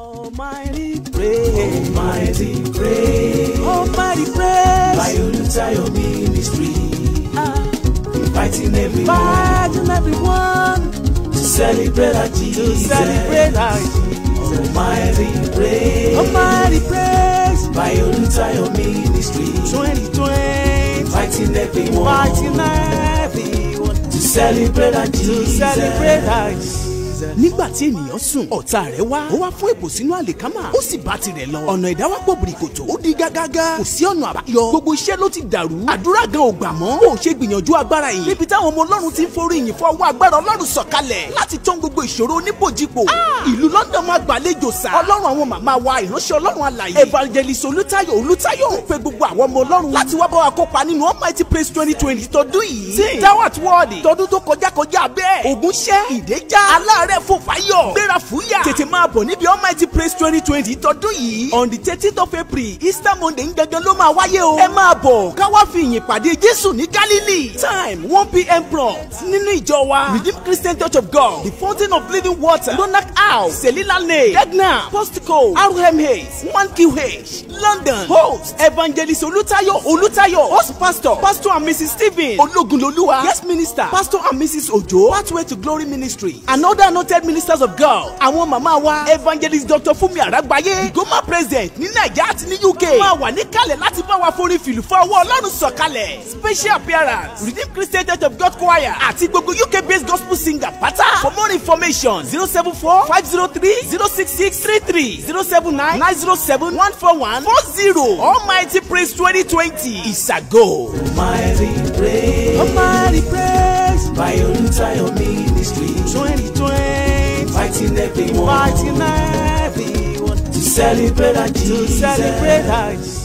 Almighty praise. Almighty praise. Almighty praise. by your Bayolutayo ministry. Uh, inviting everyone. Inviting everyone. To celebrate our Jesus. To celebrate our Jesus. Almighty praise. Almighty praise. Bayolutayo ministry. 2020. Inviting everyone. Inviting everyone. To celebrate our Jesus. To celebrate our Jesus. nígbà tí ènìyàn sùn ọ̀tá rẹ̀ wá ó wá fún èpò sínú àlìkámà ó sì bá tirẹ̀ lọ ọ̀nà ìdáwọ́pọ̀ bìrìkòtò ó di gágágá kò sí ọ̀nà àbáyọ gbogbo iṣẹ́ ló ti dàrú àdúrà gan ò gbà mọ́ ó ṣe gbìyànjú agbára yìí níbi táwọn ọmọ ọlọ́run ti ń forí ìyìn fún ọwọ́ agbára ọlọ́run sọ̀kalẹ̀ láti tán gbogbo ìṣòro oníbòjìpò ah! ìlú London máa gbàlejò sá ọlọ́run àwọn màmá wa ìránṣẹ́ ọlọ́run alàyè evangelist olùtayọ̀ olùtayọ̀ ń pe gbogbo àwọn ọmọ ọlọ́run láti wá bá wa kópa nínú almighty praise twenty twenty tọdún yìí sí dawat world tọdún tó kọjá kọjá bẹ́ẹ̀ ògúnṣẹ́ ìdẹ́já aláàrẹ rẹ̀ fò fáyọ̀ gbéra fúyà tètè máa bọ̀ níbi almighty praise twenty twenty tọdún yìí on the thirteenth of april easter monday ń gangan ló máa wáyé o ẹ máa bọ̀ káwá fi ìyìn pàdé jésù ní galilee time one pm prompt nínú ìjọ wa redeemed christian church of god the fountain of living water lonac house selina lane edna postco rmh one qh london host evangelist olùtayọ olùtayọ host pastor pastor and mrs stephen ológunlolúwa guest minister pastor and mrs ojo pathway to glory ministry and other noted ministers of God àwọn màmá wa evangelist Dr. Fumi Àràgbáyé goma president ní Nàìjíríà àti ní UK máa wà níkàlẹ̀ láti bá wa forin fìlú fún ọwọ́ Ọlọ́run sọ̀kalẹ̀ special appearance Redeemed Christian Church of God choir àti gbogbo UK based gospel singer pátá for more information zero seven four five zero three zero six six three three zero seven nine nine zero seven one four one four zero Almighty Praise twenty twenty is a go. Almighty Praise. Inviting everyone. Fighting everyone. To celebrate our Jesus. To celebrate our Jesus.